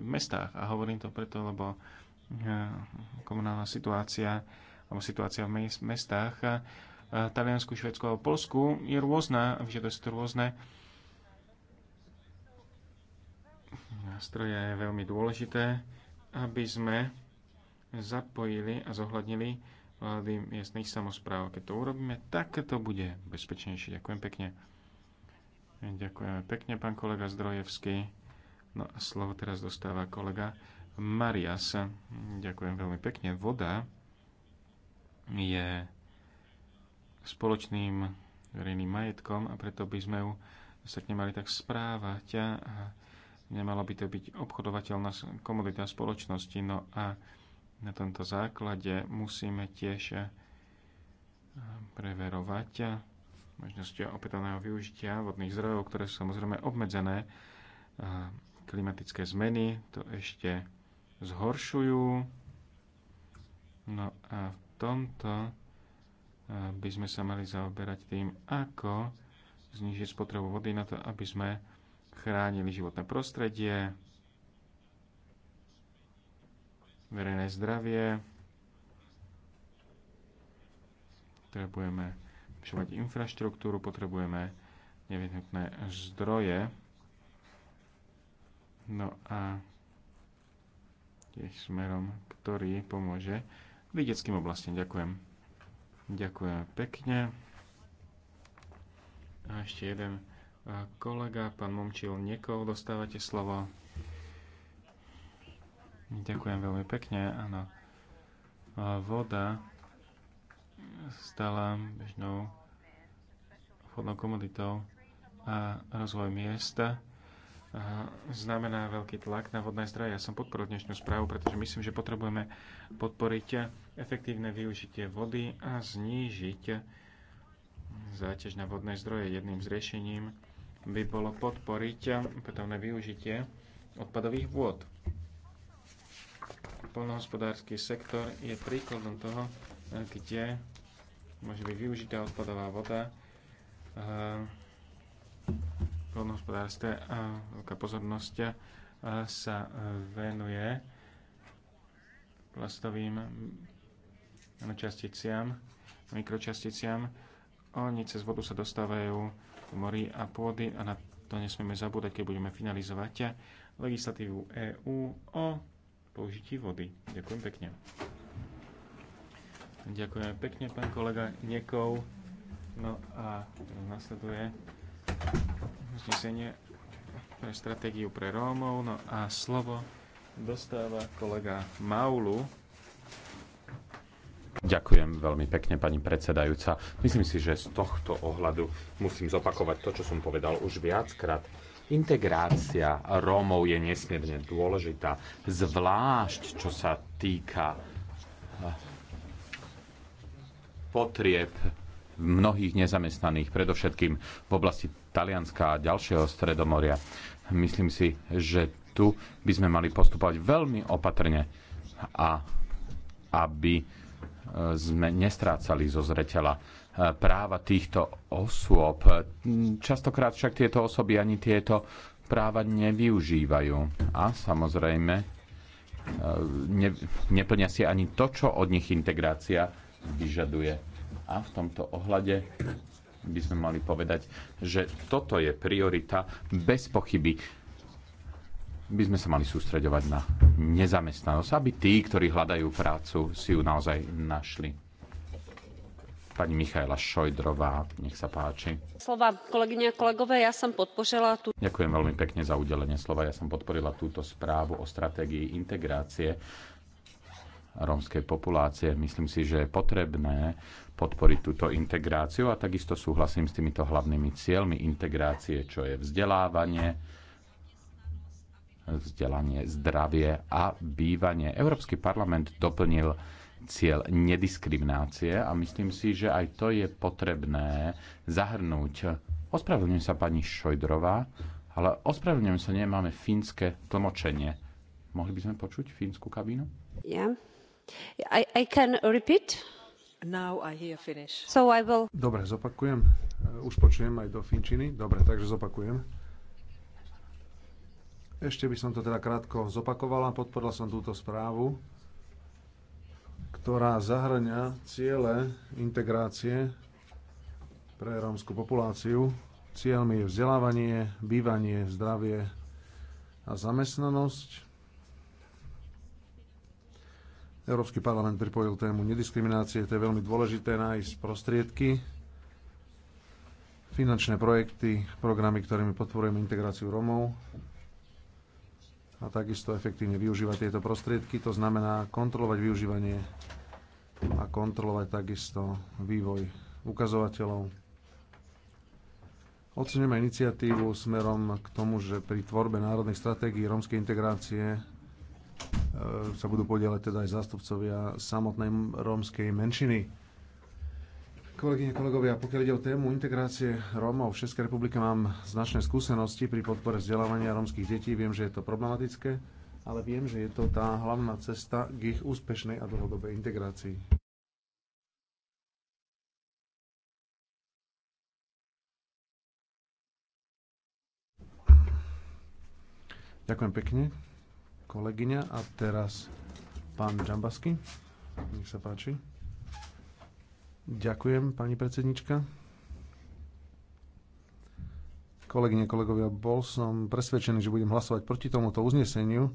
mestách. A hovorím to preto, lebo eh, komunálna situácia alebo situácia v mestách eh, Taliansku, Švedsku a Polsku je rôzna, vyžaduje si to rôzne nástroje je veľmi dôležité, aby sme zapojili a zohľadnili vlády miestnych samozpráv. Keď to urobíme, tak to bude bezpečnejšie. Ďakujem pekne. Ďakujeme pekne, pán kolega Zdrojevský. No a slovo teraz dostáva kolega Marias. Ďakujem veľmi pekne. Voda je spoločným verejným majetkom a preto by sme ju sa nemali tak správať a nemala by to byť obchodovateľná komodita spoločnosti. No a na tomto základe musíme tiež eh, preverovať eh, možnosti opätovného využitia vodných zdrojov, ktoré sú samozrejme obmedzené eh, Klimatické zmeny to ešte zhoršujú. No a v tomto eh, by sme sa mali zaoberať tým, ako znižiť spotrebu vody na to, aby sme chránili životné prostredie, verejné zdravie. Potrebujeme vyšovať infraštruktúru, potrebujeme nevyhnutné zdroje No a tiež smerom, ktorý pomôže videckým oblastiam. Ďakujem. Ďakujem pekne. A ešte jeden e, kolega, pán Momčil Niekov, dostávate slovo. Ďakujem veľmi pekne, áno. E, voda stala bežnou vhodnou komoditou a rozvoj miesta znamená veľký tlak na vodné zdroje. Ja som podporil dnešnú správu, pretože myslím, že potrebujeme podporiť efektívne využitie vody a znížiť záťaž na vodné zdroje. Jedným z riešením by bolo podporiť opätovné využitie odpadových vôd. Polnohospodársky sektor je príkladom toho, kde môže byť využitá odpadová voda poľnohospodárstve a veľká pozornosť sa e, venuje plastovým nanočasticiam, mikročasticiam. Oni cez vodu sa dostávajú do morí a pôdy a na to nesmieme zabúdať, keď budeme finalizovať legislatívu EÚ o použití vody. Ďakujem pekne. Ďakujem pekne, pán kolega Niekov. No a nasleduje uznesenie pre stratégiu pre Rómov. No a slovo dostáva kolega Maulu. Ďakujem veľmi pekne, pani predsedajúca. Myslím si, že z tohto ohľadu musím zopakovať to, čo som povedal už viackrát. Integrácia Rómov je nesmierne dôležitá, zvlášť čo sa týka eh, potrieb mnohých nezamestnaných, predovšetkým v oblasti Talianska a ďalšieho Stredomoria. Myslím si, že tu by sme mali postupovať veľmi opatrne a aby e, sme nestrácali zo zreteľa e, práva týchto osôb. Častokrát však tieto osoby ani tieto práva nevyužívajú. A samozrejme, e, ne, neplňa si ani to, čo od nich integrácia vyžaduje a v tomto ohľade by sme mali povedať, že toto je priorita bez pochyby by sme sa mali sústreďovať na nezamestnanosť, aby tí, ktorí hľadajú prácu, si ju naozaj našli. Pani Michaela Šojdrová, nech sa páči. Slova kolegyne a kolegové, ja som podpožila tú... Ďakujem veľmi pekne za udelenie slova. Ja som podporila túto správu o stratégii integrácie rómskej populácie. Myslím si, že je potrebné podporiť túto integráciu a takisto súhlasím s týmito hlavnými cieľmi integrácie, čo je vzdelávanie, vzdelanie, zdravie a bývanie. Európsky parlament doplnil cieľ nediskriminácie a myslím si, že aj to je potrebné zahrnúť. Ospravedlňujem sa pani Šojdrová, ale ospravedlňujem sa, nemáme fínske tlmočenie. Mohli by sme počuť fínsku kabínu? Ja. Yeah. Dobre, zopakujem. Uh, už počujem aj do finčiny. Dobre, takže zopakujem. Ešte by som to teda krátko zopakovala. podporil som túto správu, ktorá zahrňa ciele integrácie pre rómsku populáciu. Cieľmi je vzdelávanie, bývanie, zdravie a zamestnanosť Európsky parlament pripojil tému nediskriminácie, to je veľmi dôležité nájsť prostriedky, finančné projekty, programy, ktorými podporujeme integráciu Romov a takisto efektívne využívať tieto prostriedky. To znamená kontrolovať využívanie a kontrolovať takisto vývoj ukazovateľov. Oceňujeme iniciatívu smerom k tomu, že pri tvorbe národnej stratégie rómskej integrácie E, sa budú podielať teda aj zástupcovia samotnej rómskej menšiny. Kolegyne, kolegovia, pokiaľ ide o tému integrácie Rómov v Českej republike, mám značné skúsenosti pri podpore vzdelávania rómskych detí. Viem, že je to problematické, ale viem, že je to tá hlavná cesta k ich úspešnej a dlhodobej integrácii. Ďakujem pekne kolegyňa. A teraz pán Džambasky. Nech sa páči. Ďakujem, pani predsednička. Kolegyne, kolegovia, bol som presvedčený, že budem hlasovať proti tomuto uzneseniu.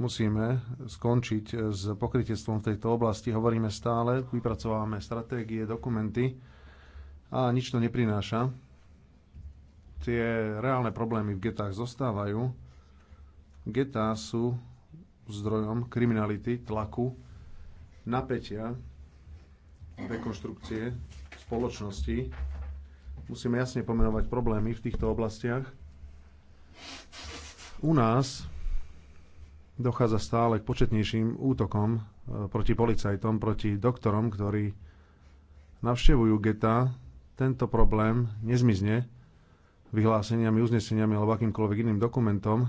Musíme skončiť s pokrytectvom v tejto oblasti. Hovoríme stále, vypracovávame stratégie, dokumenty a nič to neprináša. Tie reálne problémy v getách zostávajú Getá sú zdrojom kriminality, tlaku, napätia, rekonštrukcie spoločnosti. Musíme jasne pomenovať problémy v týchto oblastiach. U nás dochádza stále k početnejším útokom e, proti policajtom, proti doktorom, ktorí navštevujú geta. Tento problém nezmizne vyhláseniami, uzneseniami alebo akýmkoľvek iným dokumentom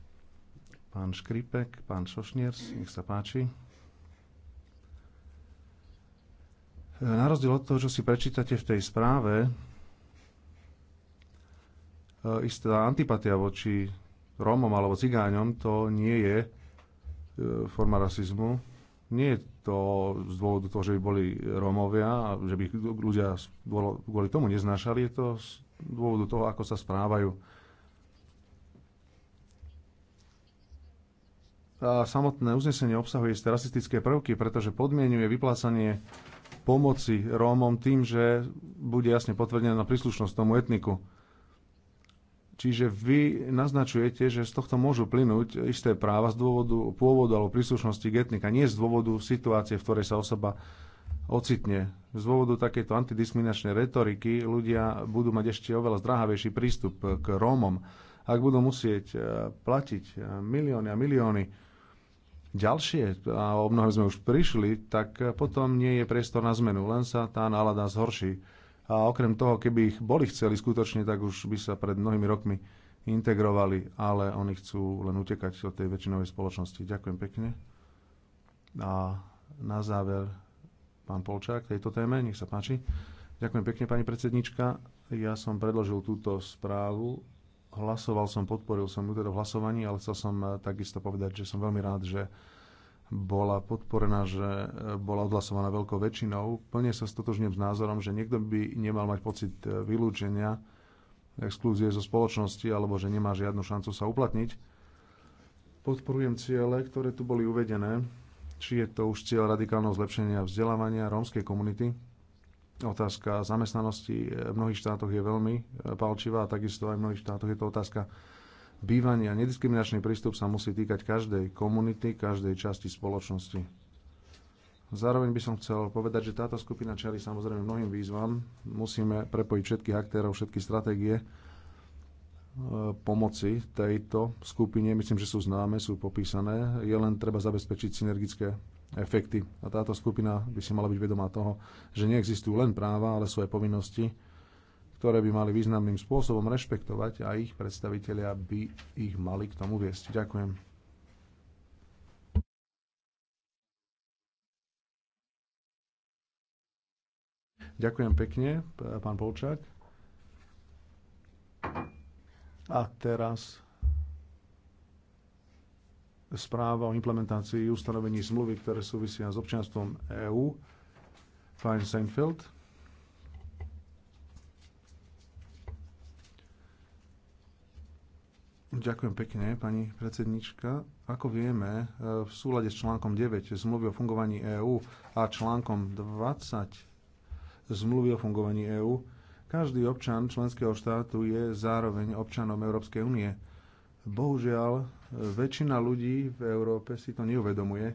Pán Škripek, pán Šošniers, nech sa páči. Na rozdiel od toho, čo si prečítate v tej správe, eh, istá antipatia voči Rómom alebo Cigáňom, to nie je eh, forma rasizmu. Nie je to z dôvodu toho, že by boli Rómovia, že by ich ľudia kvôli tomu neznášali, je to z dôvodu toho, ako sa správajú a samotné uznesenie obsahuje isté rasistické prvky, pretože podmienuje vyplácanie pomoci Rómom tým, že bude jasne potvrdená príslušnosť tomu etniku. Čiže vy naznačujete, že z tohto môžu plynúť isté práva z dôvodu pôvodu alebo príslušnosti k etnika, nie z dôvodu situácie, v ktorej sa osoba ocitne. Z dôvodu takéto antidiskriminačnej retoriky ľudia budú mať ešte oveľa zdrahavejší prístup k Rómom. Ak budú musieť eh, platiť eh, milióny a milióny ďalšie, a o mnohé sme už prišli, tak potom nie je priestor na zmenu, len sa tá nálada zhorší. A okrem toho, keby ich boli chceli skutočne, tak už by sa pred mnohými rokmi integrovali, ale oni chcú len utekať od tej väčšinovej spoločnosti. Ďakujem pekne. A na záver pán Polčák tejto téme, nech sa páči. Ďakujem pekne, pani predsednička. Ja som predložil túto správu Hlasoval som, podporil som ju teda v hlasovaní, ale chcel som eh, takisto povedať, že som veľmi rád, že bola podporená, že eh, bola odhlasovaná veľkou väčšinou. Plne sa stotožňujem s názorom, že niekto by nemal mať pocit eh, vylúčenia, exklúzie zo spoločnosti, alebo že nemá žiadnu šancu sa uplatniť. Podporujem ciele, ktoré tu boli uvedené, či je to už cieľ radikálneho zlepšenia vzdelávania rómskej komunity, Otázka zamestnanosti v mnohých štátoch je veľmi eh, palčivá a takisto aj v mnohých štátoch je to otázka bývania. Nediskriminačný prístup sa musí týkať každej komunity, každej časti spoločnosti. Zároveň by som chcel povedať, že táto skupina čeli samozrejme mnohým výzvam. Musíme prepojiť všetkých aktérov, všetky stratégie eh, pomoci tejto skupine. Myslím, že sú známe, sú popísané. Je len treba zabezpečiť synergické efekty. A táto skupina by si mala byť vedomá toho, že neexistujú len práva, ale sú aj povinnosti, ktoré by mali významným spôsobom rešpektovať a ich predstavitelia by ich mali k tomu viesť. Ďakujem. Ďakujem pekne, pán Polčák. A teraz správa o implementácii ustanovení zmluvy, ktoré súvisia s občianstvom EÚ. Fajn Seinfeld. Ďakujem pekne, pani predsednička. Ako vieme, e, v súlade s článkom 9 zmluvy o fungovaní EÚ a článkom 20 zmluvy o fungovaní EÚ, každý občan členského štátu je zároveň občanom Európskej únie. Bohužiaľ, Väčšina ľudí v Európe si to neuvedomuje.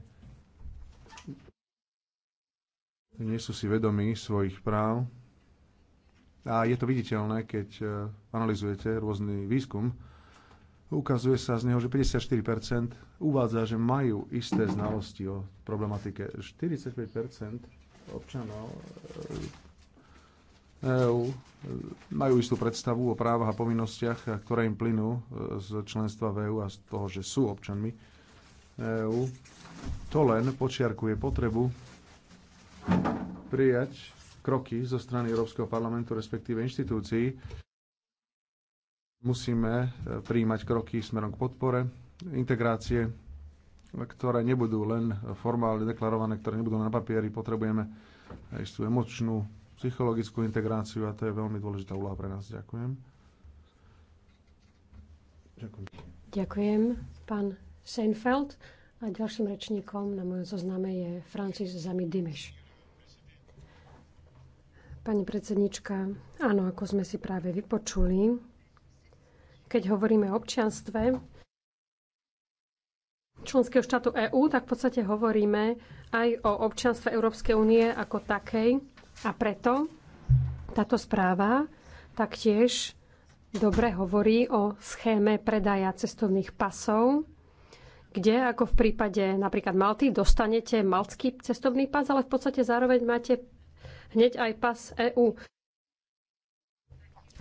Nie sú si vedomí svojich práv. A je to viditeľné, keď e, analizujete rôzny výskum. Ukazuje sa z neho, že 54% uvádza, že majú isté znalosti o problematike. 45% občanov e, E e, majú istú predstavu o právach a povinnostiach, ktoré im plynú e, z členstva v EÚ a z toho, že sú občanmi EÚ. To len počiarkuje potrebu prijať kroky zo strany Európskeho parlamentu, respektíve inštitúcií. Musíme príjmať kroky smerom k podpore integrácie, ktoré nebudú len formálne deklarované, ktoré nebudú len na papieri. Potrebujeme istú emočnú psychologickú integráciu a to je veľmi dôležitá úloha pre nás. Ďakujem. Ďakujem. Ďakujem, pán Seinfeld. A ďalším rečníkom na mojom zozname je Francis Zami Dimeš. Pani predsednička, áno, ako sme si práve vypočuli, keď hovoríme o občianstve členského štátu EÚ, tak v podstate hovoríme aj o občianstve Európskej únie ako takej. A preto táto správa taktiež dobre hovorí o schéme predaja cestovných pasov, kde ako v prípade napríklad Malty dostanete maltský cestovný pas, ale v podstate zároveň máte hneď aj pas EÚ.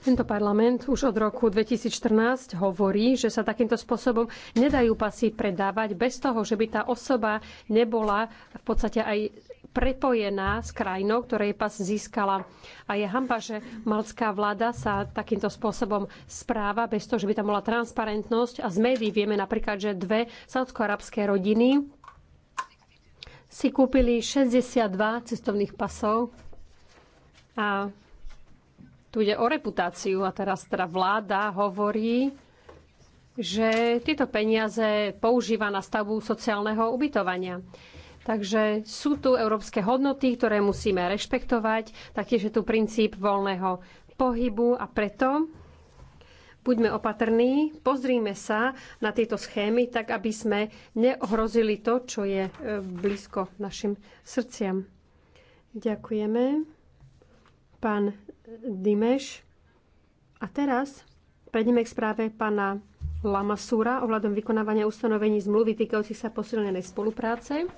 Tento parlament už od roku 2014 hovorí, že sa takýmto spôsobom nedajú pasy predávať bez toho, že by tá osoba nebola v podstate aj prepojená s krajinou, ktorej pas získala. A je hamba, že malská vláda sa takýmto spôsobom správa, bez toho, že by tam bola transparentnosť. A z médií vieme napríklad, že dve saudsko-arabské rodiny si kúpili 62 cestovných pasov a tu ide o reputáciu a teraz teda vláda hovorí, že tieto peniaze používa na stavbu sociálneho ubytovania. Takže sú tu európske hodnoty, ktoré musíme rešpektovať, taktiež je tu princíp voľného pohybu a preto buďme opatrní, pozrime sa na tieto schémy, tak aby sme neohrozili to, čo je e, blízko našim srdciam. Ďakujeme. Pán Dimeš. A teraz prejdeme k správe pána Lamasúra ohľadom vykonávania ustanovení zmluvy týkajúcich sa posilnenej spolupráce.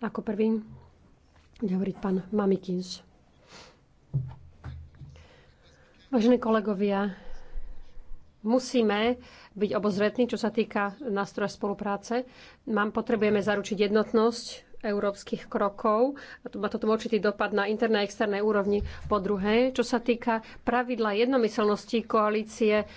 Ako prvý bude hovoriť pán Mamikins. Vážení kolegovia, musíme byť obozretní, čo sa týka nástroja spolupráce. Mám, potrebujeme zaručiť jednotnosť európskych krokov. Má toto určitý dopad na interné a externé úrovni. Po druhé, čo sa týka pravidla jednomyselnosti koalície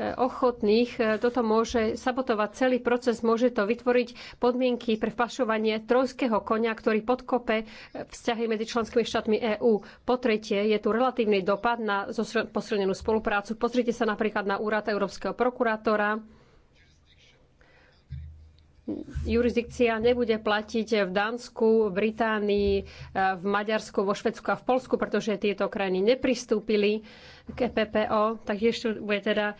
E, ochotných. E, toto môže sabotovať celý proces, môže to vytvoriť podmienky pre vpašovanie trojského konia, ktorý podkope e, vzťahy medzi členskými štátmi EÚ. Po tretie, je tu relatívny dopad na posilnenú spoluprácu. Pozrite sa napríklad na úrad Európskeho prokurátora. Jurisdikcia nebude platiť v Dánsku, v Británii, v Maďarsku, vo Švedsku a v Polsku, pretože tieto krajiny nepristúpili k EPPO. Takže ešte bude teda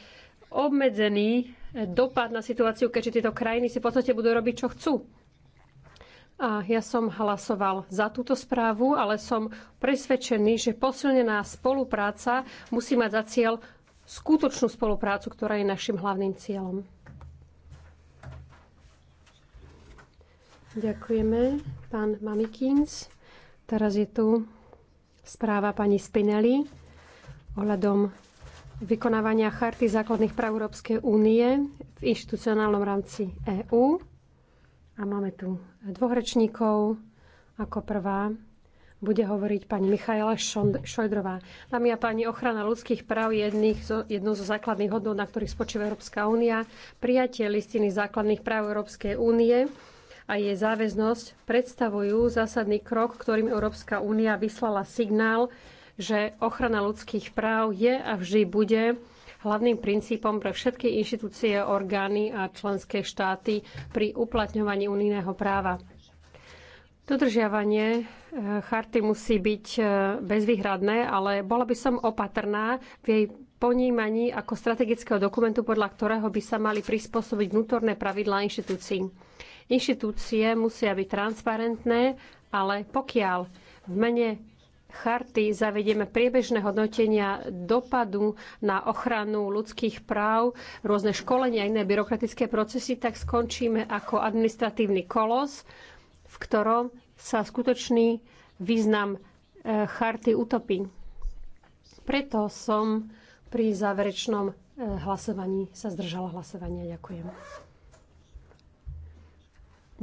obmedzený dopad na situáciu, keďže tieto krajiny si v podstate budú robiť, čo chcú. A ja som hlasoval za túto správu, ale som presvedčený, že posilnená spolupráca musí mať za cieľ skutočnú spoluprácu, ktorá je našim hlavným cieľom. Ďakujeme, pán Mamikins. Teraz je tu správa pani Spinelli ohľadom vykonávania Charty základných práv Európskej únie v inštitucionálnom rámci EÚ. A máme tu dvoch rečníkov. Ako prvá bude hovoriť pani Michaela Šojdrová. Dámy a páni, ochrana ľudských práv je jednou zo základných hodnot, na ktorých spočíva Európska únia. Prijatie listiny základných práv Európskej únie a jej záväznosť predstavujú zásadný krok, ktorým Európska únia vyslala signál, že ochrana ľudských práv je a vždy bude hlavným princípom pre všetky inštitúcie, orgány a členské štáty pri uplatňovaní unijného práva. Dodržiavanie eh, charty musí byť eh, bezvýhradné, ale bola by som opatrná v jej ponímaní ako strategického dokumentu, podľa ktorého by sa mali prispôsobiť vnútorné pravidlá inštitúcií. Inštitúcie musia byť transparentné, ale pokiaľ v mene charty zavedieme priebežné hodnotenia dopadu na ochranu ľudských práv, rôzne školenia a iné byrokratické procesy, tak skončíme ako administratívny kolos, v ktorom sa skutočný význam e, charty utopí. Preto som pri záverečnom e, hlasovaní sa zdržala hlasovania. Ďakujem.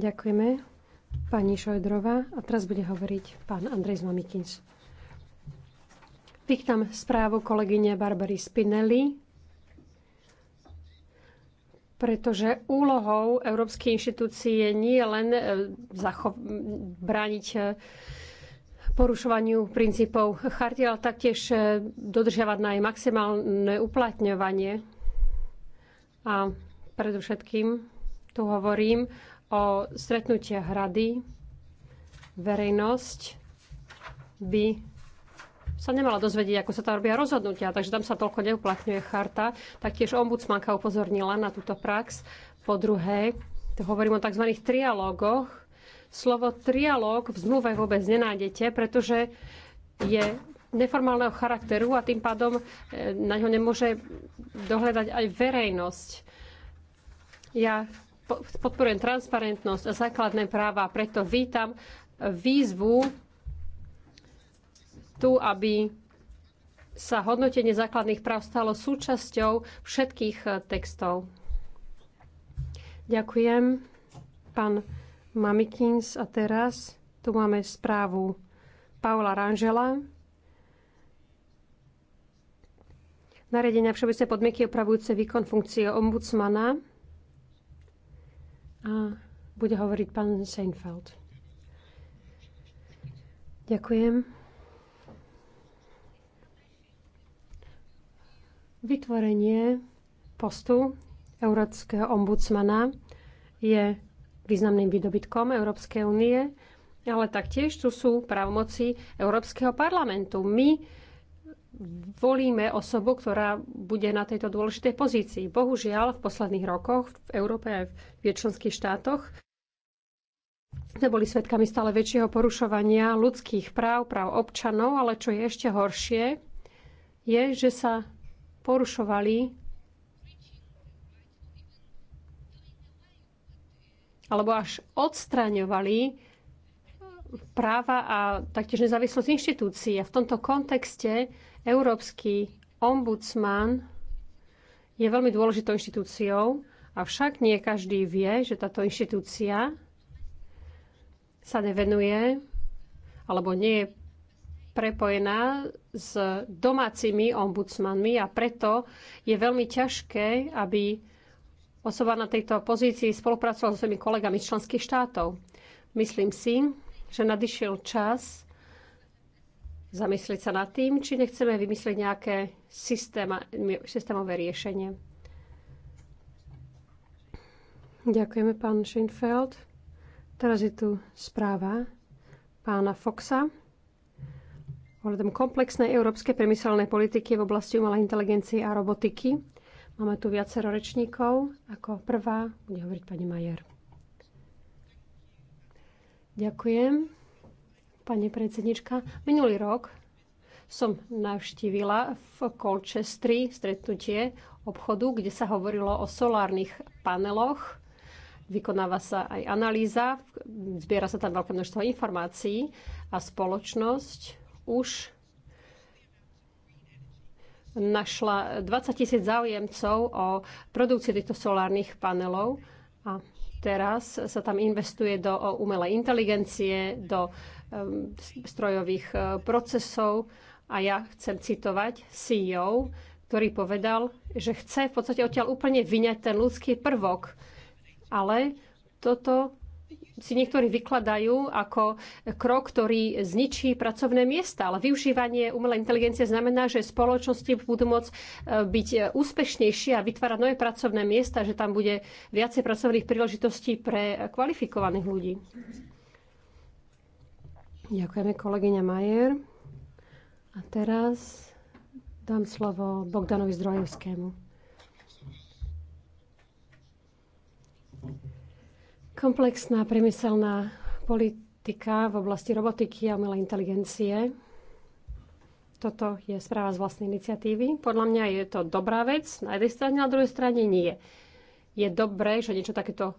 Ďakujeme pani Šojdrova. A teraz bude hovoriť pán Andrej Zmamikins. Vítam správu kolegyne Barbary Spinelli, pretože úlohou Európskej inštitúcie nie je len e, zachov- brániť e, porušovaniu princípov charty, ale taktiež e, dodržiavať na jej maximálne uplatňovanie. A predovšetkým tu hovorím o stretnutiach rady. Verejnosť by sa nemala dozvedieť, ako sa tam robia rozhodnutia, takže tam sa toľko neuplatňuje charta. Taktiež ombudsmanka upozornila na túto prax. Po druhé, to hovorím o tzv. trialógoch. Slovo trialóg v zmluve vôbec nenájdete, pretože je neformálneho charakteru a tým pádom e, na ňo nemôže dohľadať aj verejnosť. Ja podporujem transparentnosť a základné práva, preto vítam výzvu tu, aby sa hodnotenie základných práv stalo súčasťou všetkých eh, textov. Ďakujem, pán Mamikins. A teraz tu máme správu Paula Ranžela. Naredenia všeobecné podmienky opravujúce výkon funkcie ombudsmana. A bude hovoriť pán Seinfeld. Ďakujem. Vytvorenie postu európskeho ombudsmana je významným výdobytkom Európskej únie, ale taktiež tu sú právomoci Európskeho parlamentu. My volíme osobu, ktorá bude na tejto dôležitej pozícii. Bohužiaľ, v posledných rokoch v Európe aj v členských štátoch sme boli svedkami stále väčšieho porušovania ľudských práv, práv občanov, ale čo je ešte horšie, je, že sa porušovali alebo až odstraňovali práva a taktiež nezávislosť inštitúcií. A v tomto kontexte Európsky ombudsman je veľmi dôležitou inštitúciou, avšak nie každý vie, že táto inštitúcia sa nevenuje alebo nie je prepojená s domácimi ombudsmanmi a preto je veľmi ťažké, aby osoba na tejto pozícii spolupracovala so svojimi kolegami z členských štátov. Myslím si, že nadišiel čas zamyslieť sa nad tým, či nechceme vymyslieť nejaké systémové riešenie. Ďakujeme, pán Scheinfeld. Teraz je tu správa pána Foxa ohľadom komplexnej európskej priemyselnej politiky v oblasti umelej inteligencie a robotiky. Máme tu viacero rečníkov. Ako prvá bude hovoriť pani Majer. Ďakujem, pani predsednička. Minulý rok som navštívila v Colchestri stretnutie obchodu, kde sa hovorilo o solárnych paneloch. Vykonáva sa aj analýza, zbiera sa tam veľké množstvo informácií a spoločnosť už našla 20 tisíc záujemcov o produkciu týchto solárnych panelov a teraz sa tam investuje do umelej inteligencie, do strojových e, procesov a ja chcem citovať CEO, ktorý povedal, že chce v podstate odtiaľ úplne vyňať ten ľudský prvok. Ale toto si niektorí vykladajú ako krok, ktorý zničí pracovné miesta. Ale využívanie umelej inteligencie znamená, že spoločnosti budú môcť e, byť úspešnejšie a vytvárať nové pracovné miesta, že tam bude viacej pracovných príležitostí pre kvalifikovaných ľudí. Ďakujeme kolegyňa Majer. A teraz dám slovo Bogdanovi Zdrojevskému. Komplexná priemyselná politika v oblasti robotiky a umelej inteligencie. Toto je správa z vlastnej iniciatívy. Podľa mňa je to dobrá vec, na jednej strane, na druhej strane nie. Je dobré, že niečo takéto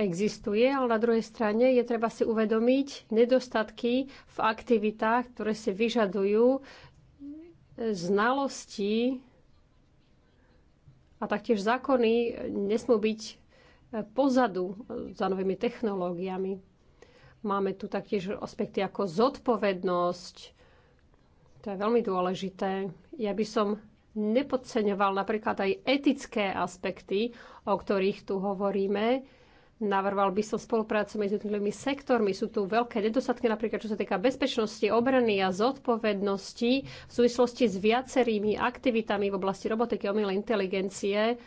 existuje, ale na druhej strane je treba si uvedomiť nedostatky v aktivitách, ktoré si vyžadujú e, znalosti a taktiež zákony nesmú byť pozadu e, za novými technológiami. Máme tu taktiež aspekty ako zodpovednosť. To je veľmi dôležité. Ja by som nepodceňoval napríklad aj etické aspekty, o ktorých tu hovoríme. Navrval by som spoluprácu medzi jednotlivými sektormi. Sú tu veľké nedostatky, napríklad čo sa týka bezpečnosti, obrany a zodpovednosti v súvislosti s viacerými aktivitami v oblasti robotiky a umelej inteligencie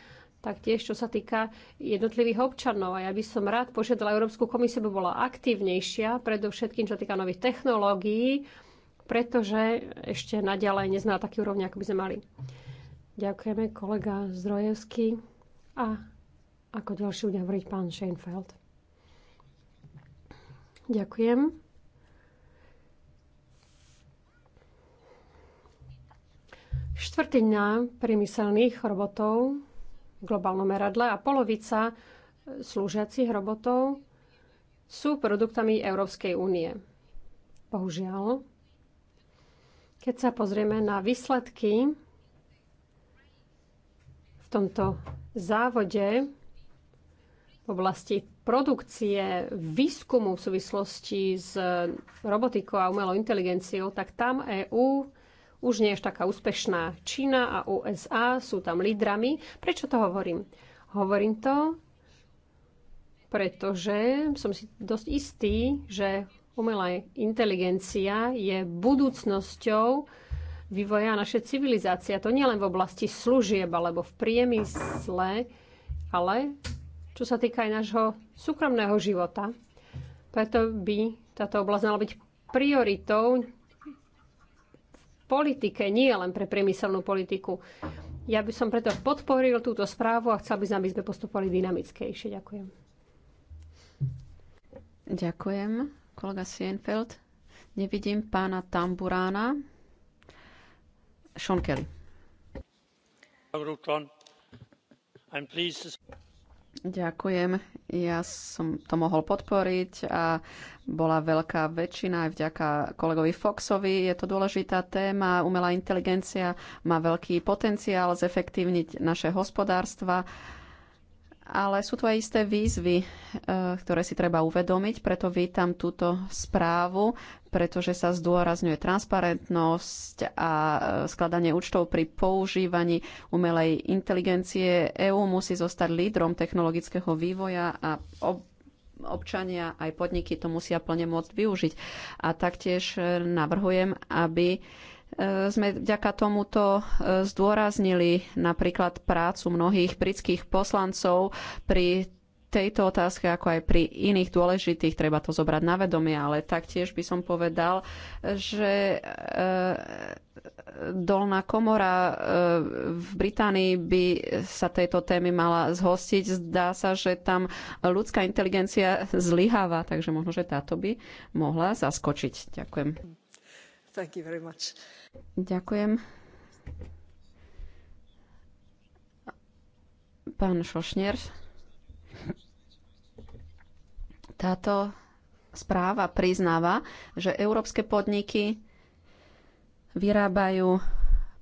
taktiež čo sa týka jednotlivých občanov. A ja by som rád požiadala Európsku komisiu, aby bola aktívnejšia, predovšetkým čo týka nových technológií, pretože ešte naďalej nezná taký úroveň, ako by sme mali. Ďakujeme kolega Zdrojevský a ako ďalší bude hovoriť pán Scheinfeld. Ďakujem. Štvrtina priemyselných robotov v globálnom meradle a polovica slúžiacich robotov sú produktami Európskej únie. Bohužiaľ, keď sa pozrieme na výsledky v tomto závode v oblasti produkcie, výskumu v súvislosti s robotikou a umelou inteligenciou, tak tam EÚ už nie je taká úspešná. Čína a USA sú tam lídrami. Prečo to hovorím? Hovorím to, pretože som si dosť istý, že umelá inteligencia je budúcnosťou vývoja naše civilizácie. To nie len v oblasti služieb alebo v priemysle, ale čo sa týka aj nášho súkromného života. Preto by táto oblasť mala byť prioritou politike, nie len pre priemyselnú politiku. Ja by som preto podporil túto správu a chcel by som, aby sme postupovali dynamickejšie. Ďakujem. Ďakujem, kolega Sienfeld. Nevidím pána Tamburána. Sean Kelly. Ďakujem. Ja som to mohol podporiť a bola veľká väčšina aj vďaka kolegovi Foxovi. Je to dôležitá téma. Umelá inteligencia má veľký potenciál zefektívniť naše hospodárstva, ale sú tu aj isté výzvy, eh, ktoré si treba uvedomiť, preto vítam túto správu pretože sa zdôrazňuje transparentnosť a e, skladanie účtov pri používaní umelej inteligencie. EÚ musí zostať lídrom technologického vývoja a ob- občania aj podniky to musia plne môcť využiť. A taktiež e, navrhujem, aby e, sme vďaka tomuto zdôraznili napríklad prácu mnohých britských poslancov pri tejto otázke, ako aj pri iných dôležitých, treba to zobrať na vedomie, ale taktiež by som povedal, že e, dolná komora e, v Británii by sa tejto témy mala zhostiť. Zdá sa, že tam ľudská inteligencia zlyháva, takže možno, že táto by mohla zaskočiť. Ďakujem. Thank you very much. Ďakujem. Pán Šošnier. Táto správa priznáva, že európske podniky vyrábajú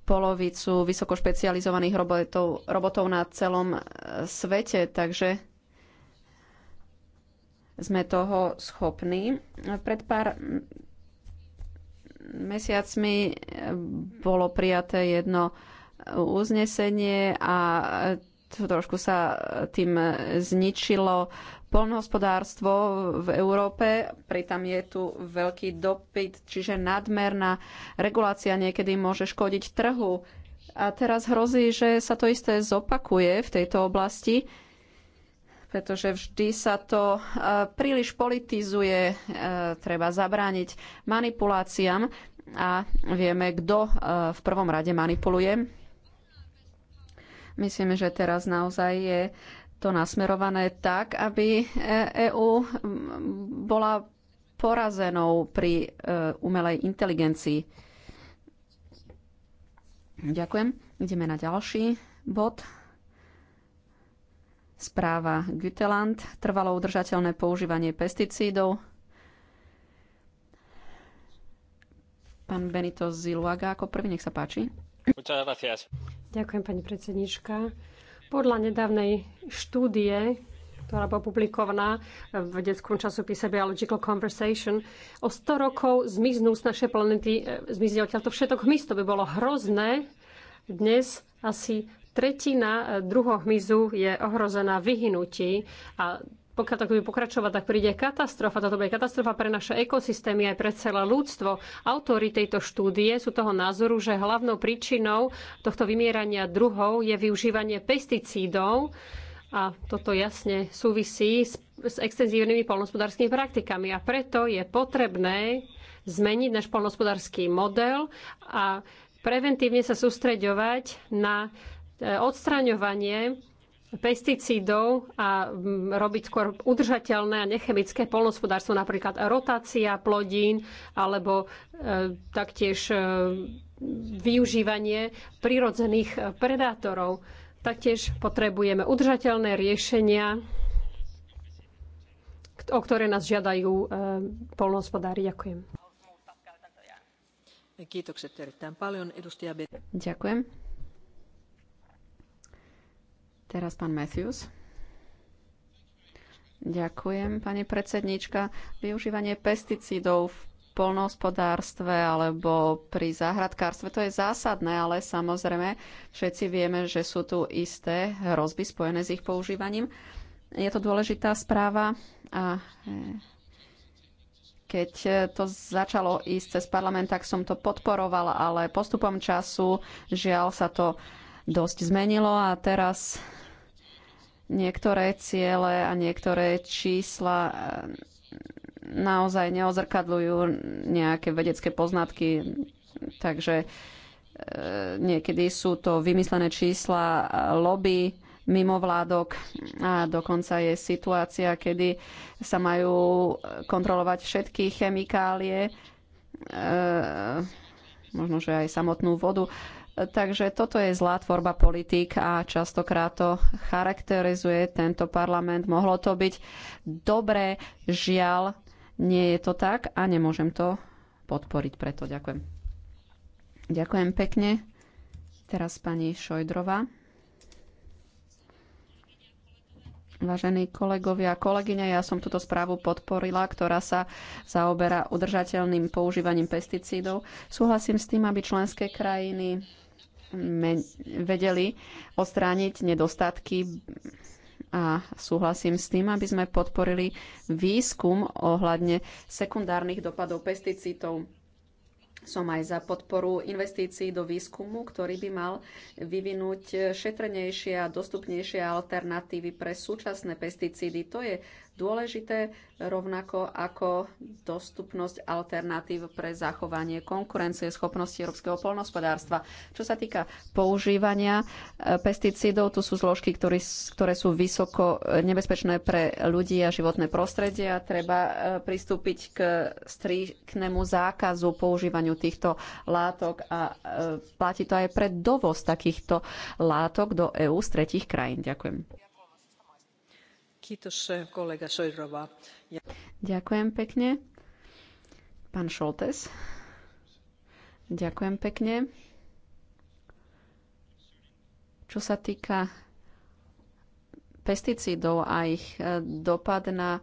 polovicu vysokošpecializovaných robotov, robotov na celom e, svete, takže sme toho schopní. Pred pár mesiacmi e, bolo prijaté jedno uznesenie a e, trošku sa tým zničilo polnohospodárstvo v Európe, pritom je tu veľký dopyt, čiže nadmerná regulácia niekedy môže škodiť trhu. A teraz hrozí, že sa to isté zopakuje v tejto oblasti, pretože vždy sa to e, príliš politizuje, e, treba zabrániť manipuláciám a vieme, kto e, v prvom rade manipuluje. Myslím, že teraz naozaj je to nasmerované tak, aby EÚ e bola porazenou pri e, umelej inteligencii. Ďakujem. Ideme na ďalší bod. Správa Güteland. Trvalo udržateľné používanie pesticídov. Pán Benito Ziluaga ako prvý, nech sa páči. Ďakujem, pani predsednička. Podľa nedávnej štúdie, ktorá bola publikovaná v detskom časopise Biological Conversation, o 100 rokov zmiznú z našej planety, e, zmizne odtiaľto všetok hmyz. To by bolo hrozné. Dnes asi tretina e, druhov hmyzu je ohrozená vyhnutí a pokiaľ tak bude pokračovať, tak príde katastrofa. Toto bude katastrofa pre naše ekosystémy aj pre celé ľudstvo. Autori tejto štúdie sú toho názoru, že hlavnou príčinou tohto vymierania druhov je využívanie pesticídov a toto jasne súvisí s, s extenzívnymi polnospodárskymi praktikami. A preto je potrebné zmeniť náš polnospodársky model a preventívne sa sústreďovať na e, odstraňovanie pesticídov a mm, robiť skôr udržateľné a nechemické polnospodárstvo, napríklad rotácia plodín alebo e, taktiež e, využívanie prirodzených e, predátorov. Taktiež potrebujeme udržateľné riešenia, o ktoré nás žiadajú e, polnospodári. Ďakujem. Ďakujem. Teraz pán Matthews. Ďakujem, pani predsednička. Využívanie pesticídov v polnohospodárstve alebo pri záhradkárstve, to je zásadné, ale samozrejme všetci vieme, že sú tu isté hrozby spojené s ich používaním. Je to dôležitá správa a eh, keď to začalo ísť cez parlament, tak som to podporoval, ale postupom času žiaľ sa to dosť zmenilo a teraz niektoré ciele a niektoré čísla e, naozaj neozrkadľujú nejaké vedecké poznatky, takže e, niekedy sú to vymyslené čísla e, lobby mimovládok a dokonca je situácia, kedy sa majú kontrolovať všetky chemikálie, možno, že aj samotnú vodu. Takže toto je zlá tvorba politík a častokrát to charakterizuje tento parlament. Mohlo to byť dobré, žiaľ, nie je to tak a nemôžem to podporiť preto. Ďakujem. Ďakujem pekne. Teraz pani Šojdrova. Vážení kolegovia a kolegyne, ja som túto správu podporila, ktorá sa zaoberá udržateľným používaním pesticídov. Súhlasím s tým, aby členské krajiny vedeli ostrániť nedostatky a súhlasím s tým, aby sme podporili výskum ohľadne sekundárnych dopadov pesticídov. Som aj za podporu investícií do výskumu, ktorý by mal vyvinúť šetrnejšie a dostupnejšie alternatívy pre súčasné pesticídy. To je dôležité, rovnako ako dostupnosť alternatív pre zachovanie konkurencie schopnosti európskeho polnospodárstva. Čo sa týka používania e, pesticídov, tu sú zložky, ktoré, ktoré sú vysoko e, nebezpečné pre ľudí a životné prostredie a treba e, pristúpiť k striknému zákazu používaniu týchto látok a platí to aj pre dovoz takýchto látok do EÚ z tretich krajín. Ďakujem. Ďakujem pekne. Pán Šoltes. Ďakujem pekne. Čo sa týka pesticídov a ich e, dopad na e,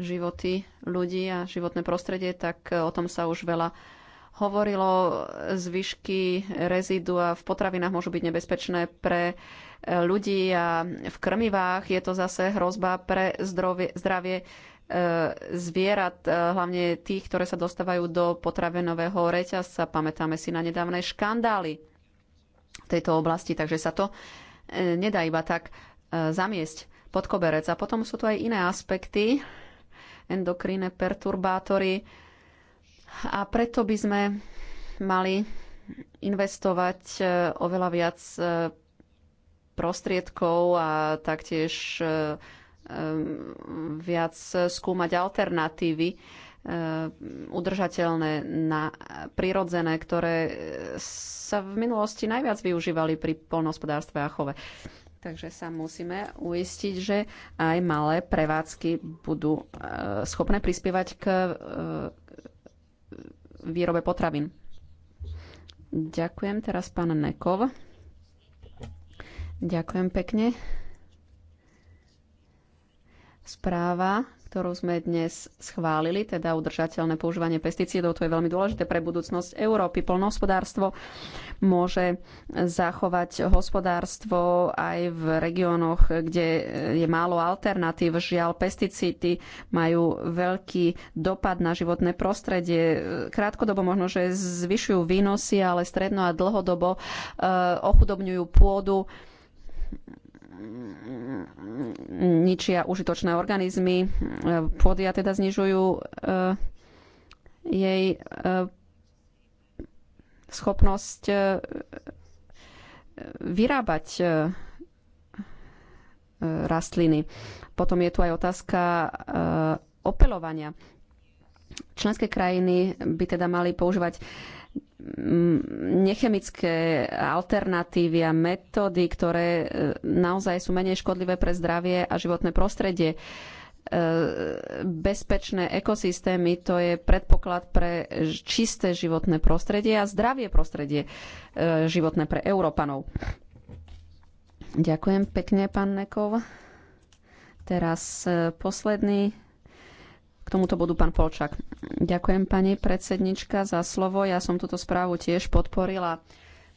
životy ľudí a životné prostredie, tak e, o tom sa už veľa hovorilo, zvyšky rezidua v potravinách môžu byť nebezpečné pre e, ľudí a v krmivách je to zase hrozba pre zdrovie, zdravie e, zvierat, e, hlavne tých, ktoré sa dostávajú do potravinového reťazca. Pamätáme si na nedávne škandály v tejto oblasti, takže sa to nedá iba tak zamiesť pod koberec. A potom sú tu aj iné aspekty, endokrinné perturbátory, a preto by sme mali investovať e, oveľa viac e, prostriedkov a taktiež e, viac skúmať alternatívy udržateľné, na, prirodzené, ktoré sa v minulosti najviac využívali pri polnohospodárstve a chove. Takže sa musíme uistiť, že aj malé prevádzky budú schopné prispievať k výrobe potravín. Ďakujem teraz pán Nekov. Ďakujem pekne. Správa, ktorú sme dnes schválili, teda udržateľné používanie pesticídov. To je veľmi dôležité pre budúcnosť Európy. Polnohospodárstvo môže zachovať hospodárstvo aj v regiónoch, kde je málo alternatív. Žiaľ, pesticídy majú veľký dopad na životné prostredie. Krátkodobo možno, že zvyšujú výnosy, ale stredno a dlhodobo eh, ochudobňujú pôdu ničia užitočné organizmy, a teda znižujú eh, jej eh, schopnosť eh, vyrábať rastliny. Potom je tu aj otázka opelovania. Členské krajiny by teda mali používať Mm, nechemické alternatívy a metódy, ktoré e, naozaj sú menej škodlivé pre zdravie a životné prostredie. E, bezpečné ekosystémy to je predpoklad pre čisté životné prostredie a zdravie prostredie e, životné pre Európanov. Ďakujem pekne, pán Nekov. Teraz posledný tomuto bodu pán Polčák. Ďakujem pani predsednička za slovo. Ja som túto správu tiež podporila.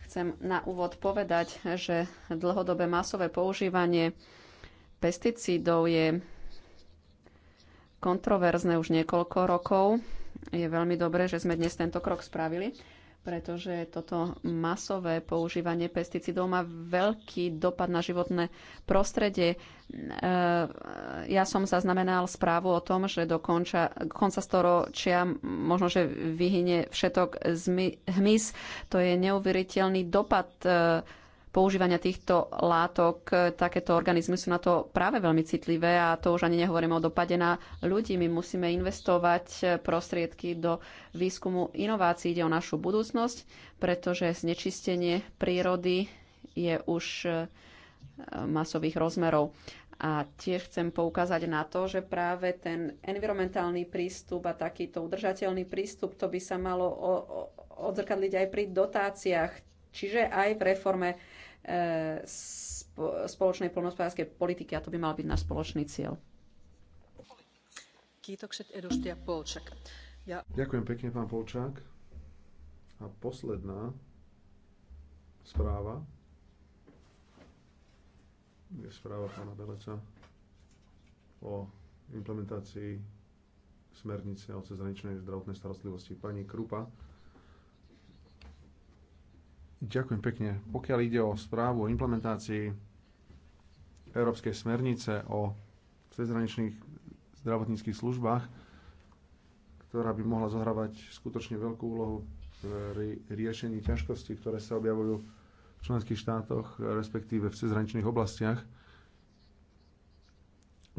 Chcem na úvod povedať, že dlhodobé masové používanie pesticídov je kontroverzné už niekoľko rokov. Je veľmi dobré, že sme dnes tento krok spravili pretože toto masové používanie pesticidov má veľký dopad na životné prostredie. E, ja som zaznamenal správu o tom, že do konca, konca storočia možno, že vyhynie všetok hmyz. To je neuveriteľný dopad e, používania týchto látok. Takéto organizmy sú na to práve veľmi citlivé a to už ani nehovoríme o dopade na ľudí. My musíme investovať prostriedky do výskumu inovácií, ide o našu budúcnosť, pretože znečistenie prírody je už e, masových rozmerov. A tiež chcem poukázať na to, že práve ten environmentálny prístup a takýto udržateľný prístup, to by sa malo odzrkadliť aj pri dotáciách, čiže aj v reforme spoločnej poľnohospodárskej politiky a to by mal byť náš spoločný cieľ. Ďakujem pekne, pán Polčák. A posledná správa je správa pána Beleca o implementácii smernice o cezhraničnej zdravotnej starostlivosti. Pani Krupa, Ďakujem pekne. Pokiaľ ide o správu o implementácii Európskej smernice o cezhraničných zdravotníckých službách, ktorá by mohla zohrávať skutočne veľkú úlohu pri riešení ťažkostí, ktoré sa objavujú v členských štátoch, respektíve v cezhraničných oblastiach.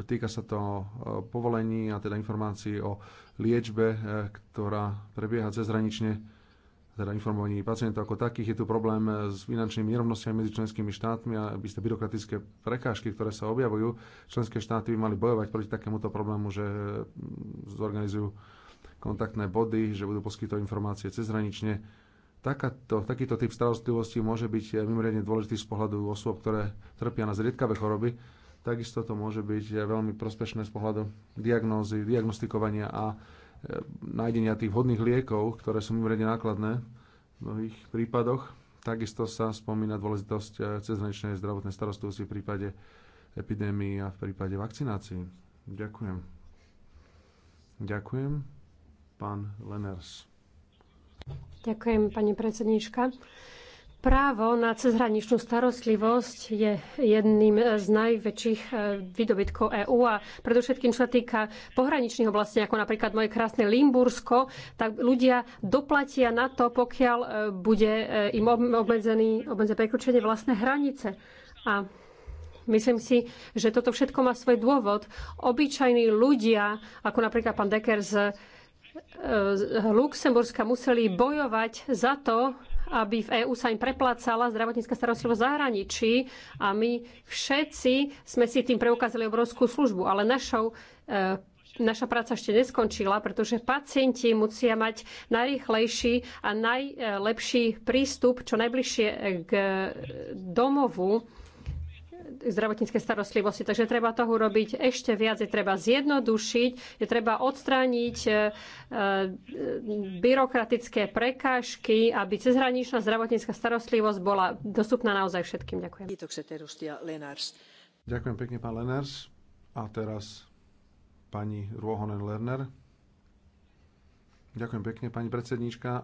Týka sa to e, povolení a teda informácií o liečbe, e, ktorá prebieha cezhranične teda informovaní pacientov ako takých. Je tu problém s finančnými nerovnosťami medzi členskými štátmi a isté byrokratické prekážky, ktoré sa objavujú. Členské štáty by mali bojovať proti takémuto problému, že mm, zorganizujú kontaktné body, že budú poskytovať informácie cezhranične. Takáto, takýto typ starostlivosti môže byť mimoriadne dôležitý z pohľadu osôb, ktoré trpia na zriedkavé choroby. Takisto to môže byť veľmi prospešné z pohľadu diagnózy, diagnostikovania a nájdenia tých vhodných liekov, ktoré sú mimoriadne nákladné v mnohých prípadoch. Takisto sa spomína dôležitosť eh, cezhraničnej zdravotnej starostlivosti v prípade epidémii a v prípade vakcinácií. Ďakujem. Ďakujem. Pán Leners. Ďakujem, pani predsednička. Právo na cezhraničnú starostlivosť je jedným z najväčších eh, výdobytkov EÚ a predovšetkým, čo sa týka pohraničných oblastí, ako napríklad moje krásne Limbursko, tak ľudia doplatia na to, pokiaľ eh, bude eh, im obmedzený, obmedzené prekročenie vlastné hranice. A Myslím si, že toto všetko má svoj dôvod. Obyčajní ľudia, ako napríklad pán Decker z Luxemburska, museli bojovať za to, aby v EÚ sa im preplácala zdravotnícka starostlivosť v zahraničí a my všetci sme si tým preukázali obrovskú službu, ale našou e, naša práca ešte neskončila, pretože pacienti musia mať najrýchlejší a najlepší prístup čo najbližšie k e, domovu zdravotníckej starostlivosti. Takže treba toho urobiť ešte viac, je treba zjednodušiť, je treba odstrániť e, e, byrokratické prekážky, aby cezhraničná zdravotnícka starostlivosť bola dostupná naozaj všetkým. Ďakujem. Ďakujem pekne, pán Lenárs. A teraz pani Ruohonen Lerner. Ďakujem pekne, pani predsedníčka. E,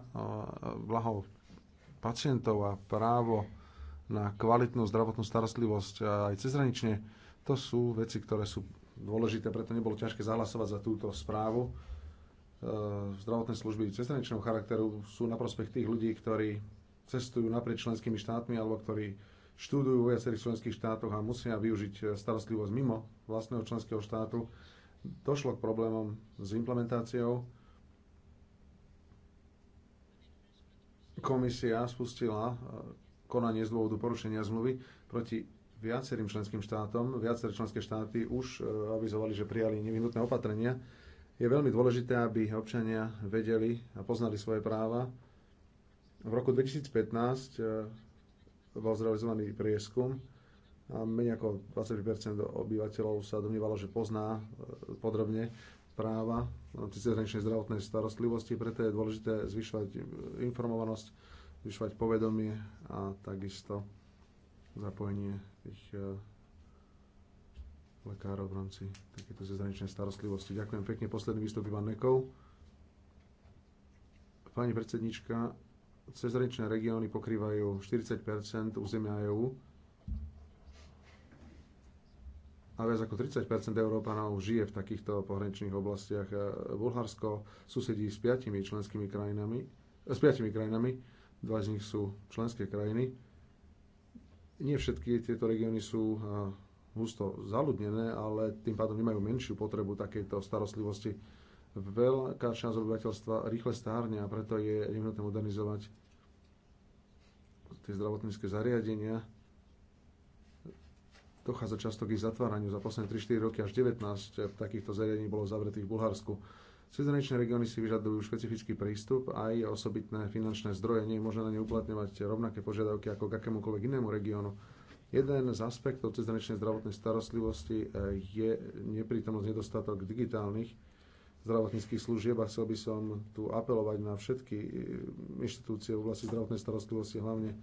blaho pacientov a právo na kvalitnú zdravotnú starostlivosť aj cezhranične. To sú veci, ktoré sú dôležité, preto nebolo ťažké zahlasovať za túto správu. E, zdravotné služby cezhraničného charakteru sú na prospech tých ľudí, ktorí cestujú naprieč členskými štátmi alebo ktorí študujú v viacerých členských štátoch a musia využiť starostlivosť mimo vlastného členského štátu. Došlo k problémom s implementáciou. Komisia spustila konanie z dôvodu porušenia zmluvy proti viacerým členským štátom. Viaceré členské štáty už e, avizovali, že prijali nevyhnutné opatrenia. Je veľmi dôležité, aby občania vedeli a poznali svoje práva. V roku 2015 e, bol zrealizovaný prieskum a menej ako 20 obyvateľov sa domnívalo, že pozná e, podrobne práva v zdravotnej starostlivosti, preto je dôležité zvyšovať informovanosť zvyšovať povedomie a takisto zapojenie tých eh, lekárov v rámci takéto zezraničnej starostlivosti. Ďakujem pekne. Posledný výstup Ivan Nekov. Pani predsednička, cezraničné regióny pokrývajú 40 územia EÚ a viac ako 30 Európanov žije v takýchto pohraničných oblastiach. Eh, Bulharsko susedí s piatimi členskými krajinami, eh, s piatimi krajinami Dva z nich sú členské krajiny. Nie všetky tieto regióny sú eh, husto zaludnené, ale tým pádom nemajú menšiu potrebu takejto starostlivosti. Veľká časť obyvateľstva rýchle stárne a preto je nevyhnutné modernizovať tie zdravotnícke zariadenia. Dochádza často k ich zatváraniu. Za posledné 3-4 roky až 19 eh, takýchto zariadení bolo zavretých v Bulharsku Cezhraničné regióny si vyžadujú špecifický prístup a aj osobitné finančné zdroje. Nie je možné na ne uplatňovať rovnaké požiadavky ako k akémukoľvek inému regiónu. Jeden z aspektov cezhraničnej zdravotnej starostlivosti e, je neprítomnosť nedostatok digitálnych zdravotníckých služieb a chcel by som tu apelovať na všetky e, inštitúcie v oblasti zdravotnej starostlivosti, hlavne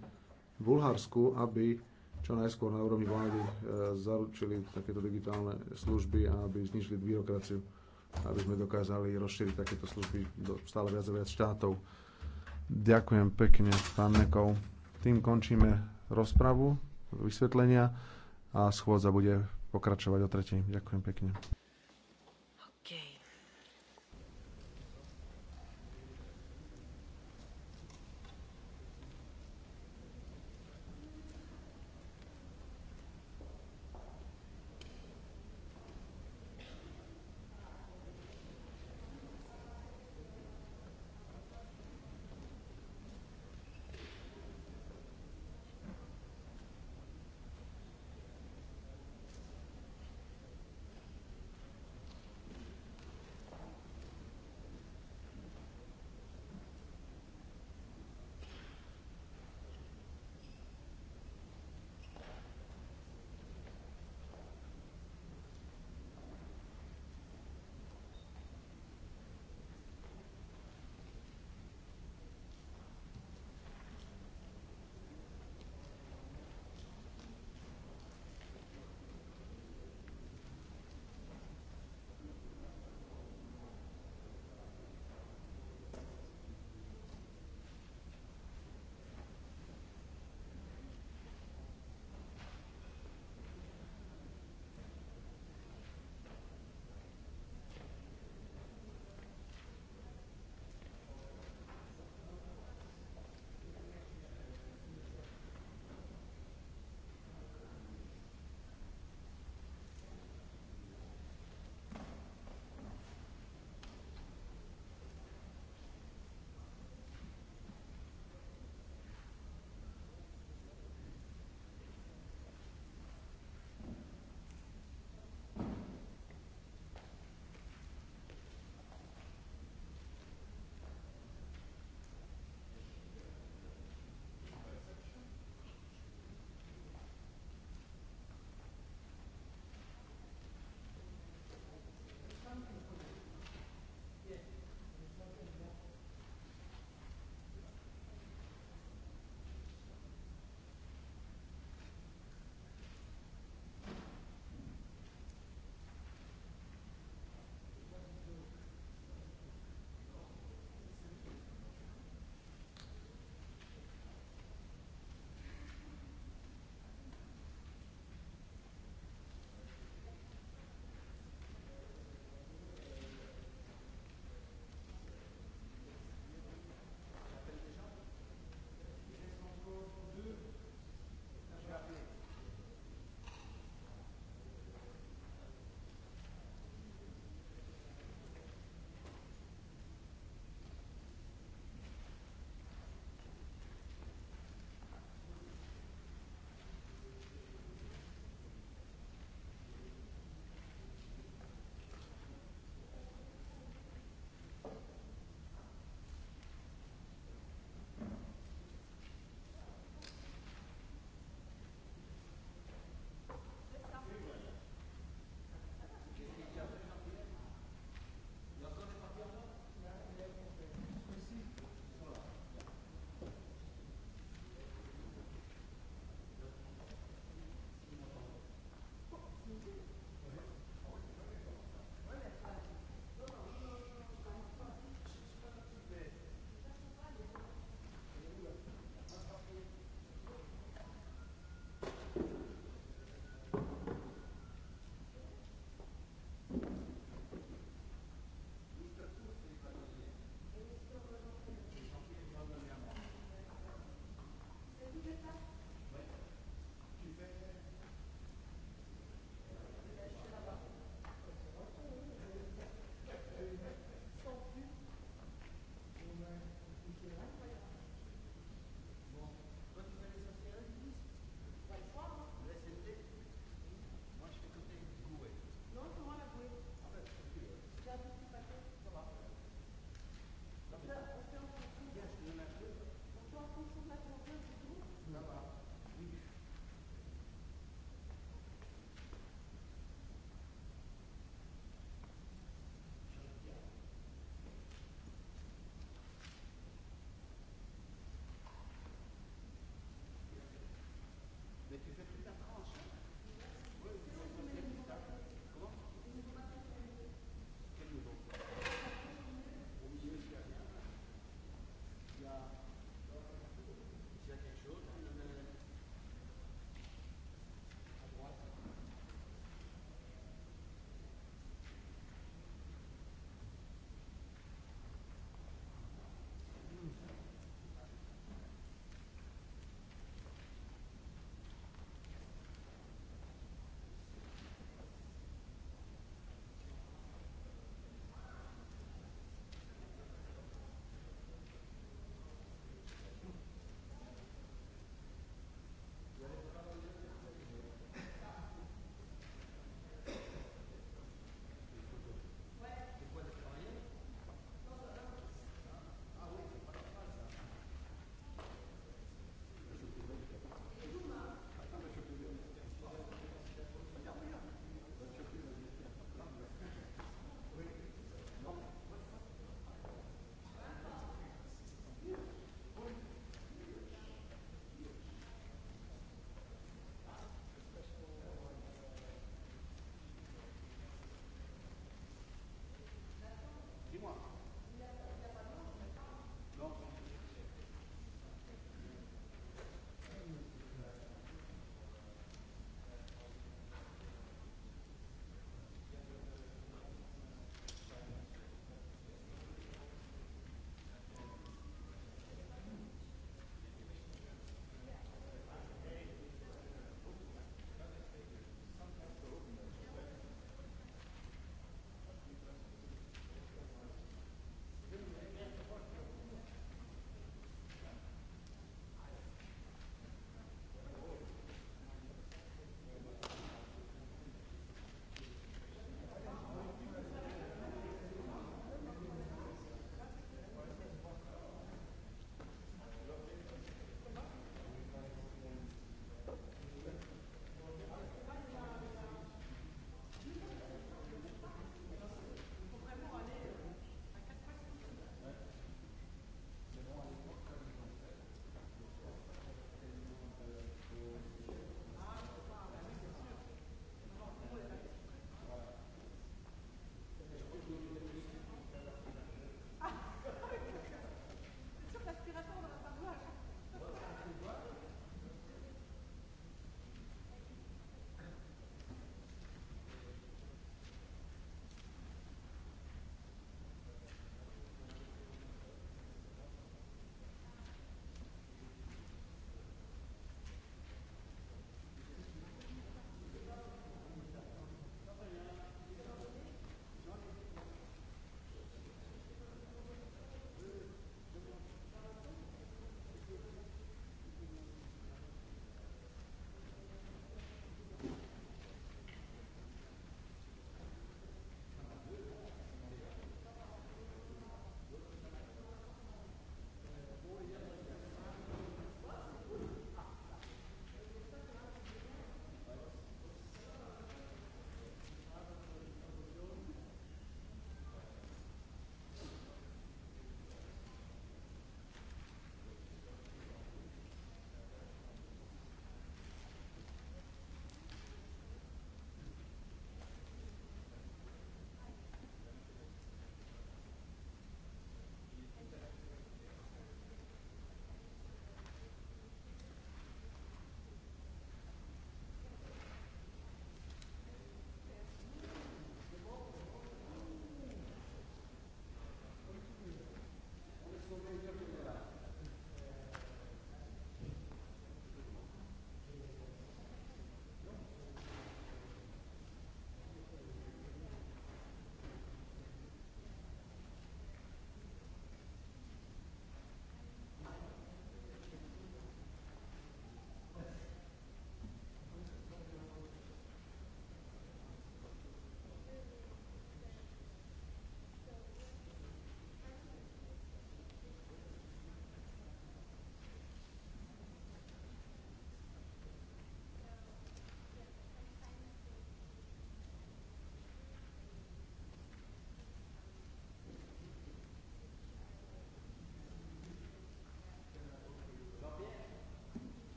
v Bulharsku, aby čo najskôr na úrovni vlády e, zaručili takéto digitálne služby a aby znižili byrokraciu aby sme dokázali rozšíriť takéto služby do stále viac a viac štátov. Ďakujem pekne, pán Nekov. Tým končíme rozpravu, vysvetlenia a schôdza bude pokračovať o tretej. Ďakujem pekne.